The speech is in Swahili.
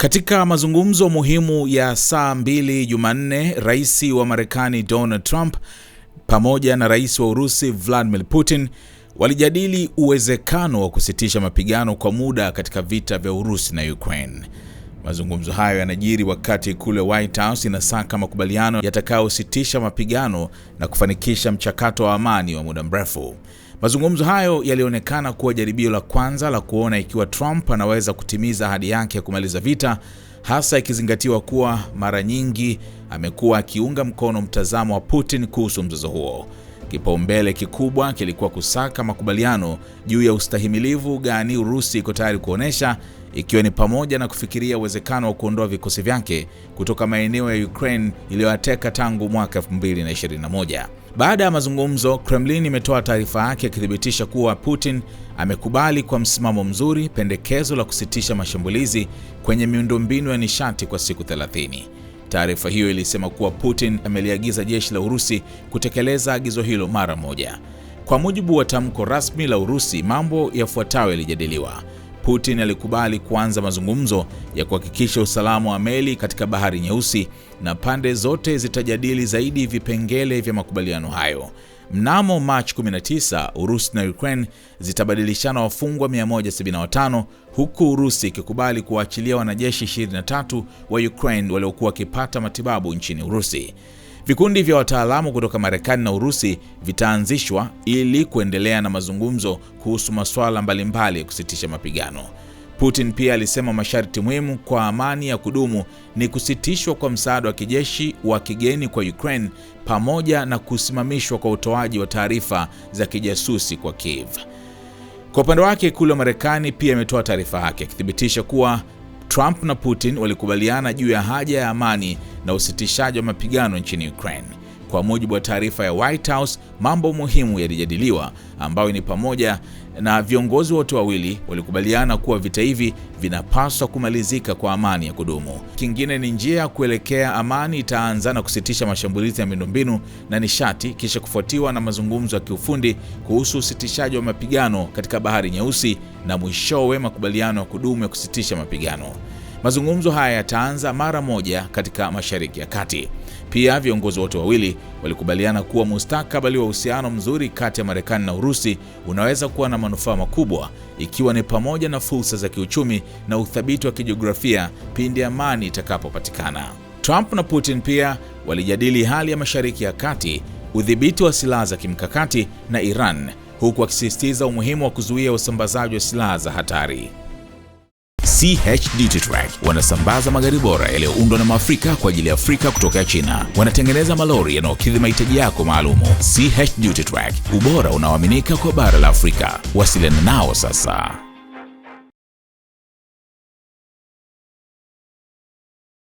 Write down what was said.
Katika mazungumzo muhimu ya saa mbili Jumanne, rais wa Marekani Donald Trump pamoja na rais wa Urusi Vladimir Putin walijadili uwezekano wa kusitisha mapigano kwa muda katika vita vya Urusi na Ukraine. Mazungumzo hayo yanajiri wakati kule White House inasaka makubaliano yatakayositisha mapigano na kufanikisha mchakato wa amani wa muda mrefu. Mazungumzo hayo yalionekana kuwa jaribio la kwanza la kuona ikiwa Trump anaweza kutimiza ahadi yake ya kumaliza vita, hasa ikizingatiwa kuwa mara nyingi amekuwa akiunga mkono mtazamo wa Putin kuhusu mzozo huo. Kipaumbele kikubwa kilikuwa kusaka makubaliano juu ya ustahimilivu gani Urusi iko tayari kuonyesha, ikiwa ni pamoja na kufikiria uwezekano wa kuondoa vikosi vyake kutoka maeneo ya Ukraine iliyoateka tangu mwaka 2021. Baada ya mazungumzo, Kremlin imetoa taarifa yake ikithibitisha kuwa Putin amekubali kwa msimamo mzuri pendekezo la kusitisha mashambulizi kwenye miundombinu ya nishati kwa siku 30. Taarifa hiyo ilisema kuwa Putin ameliagiza jeshi la Urusi kutekeleza agizo hilo mara moja. Kwa mujibu wa tamko rasmi la Urusi, mambo yafuatayo yalijadiliwa. Putin alikubali kuanza mazungumzo ya kuhakikisha usalama wa meli katika Bahari Nyeusi na pande zote zitajadili zaidi vipengele vya makubaliano hayo. Mnamo Machi 19, Urusi na Ukraine zitabadilishana wafungwa 175 huku Urusi ikikubali kuwaachilia wanajeshi 23 wa Ukraine waliokuwa wakipata matibabu nchini Urusi. Vikundi vya wataalamu kutoka Marekani na Urusi vitaanzishwa ili kuendelea na mazungumzo kuhusu masuala mbalimbali ya kusitisha mapigano. Putin pia alisema masharti muhimu kwa amani ya kudumu ni kusitishwa kwa msaada wa kijeshi wa kigeni kwa Ukraine pamoja na kusimamishwa kwa utoaji wa taarifa za kijasusi kwa Kiev. Kwa upande wake, ikulu ya Marekani pia imetoa taarifa yake ikithibitisha kuwa Trump na Putin walikubaliana juu ya haja ya amani na usitishaji wa mapigano nchini Ukraine. Kwa mujibu wa taarifa ya White House, mambo muhimu yalijadiliwa ambayo ni pamoja na viongozi wote wawili walikubaliana kuwa vita hivi vinapaswa kumalizika kwa amani ya kudumu. Kingine ni njia ya kuelekea amani itaanza na kusitisha mashambulizi ya miundombinu na nishati, kisha kufuatiwa na mazungumzo ya kiufundi kuhusu usitishaji wa mapigano katika Bahari Nyeusi na mwishowe makubaliano ya kudumu ya kusitisha mapigano. Mazungumzo haya yataanza mara moja katika Mashariki ya Kati. Pia viongozi wote wawili walikubaliana kuwa mustakabali wa uhusiano mzuri kati ya Marekani na Urusi unaweza kuwa na manufaa makubwa, ikiwa ni pamoja na fursa za kiuchumi na uthabiti wa kijiografia pindi amani itakapopatikana. Trump na Putin pia walijadili hali ya Mashariki ya Kati, udhibiti wa silaha za kimkakati na Iran, huku akisisitiza umuhimu wa kuzuia usambazaji wa silaha za hatari. CH track wanasambaza magari bora yaliyoundwa na Maafrika kwa ajili ya Afrika kutoka China. Wanatengeneza malori yanayokidhi mahitaji yako maalumu. CH track ubora unaoaminika kwa bara la Afrika. Wasiliana nao sasa.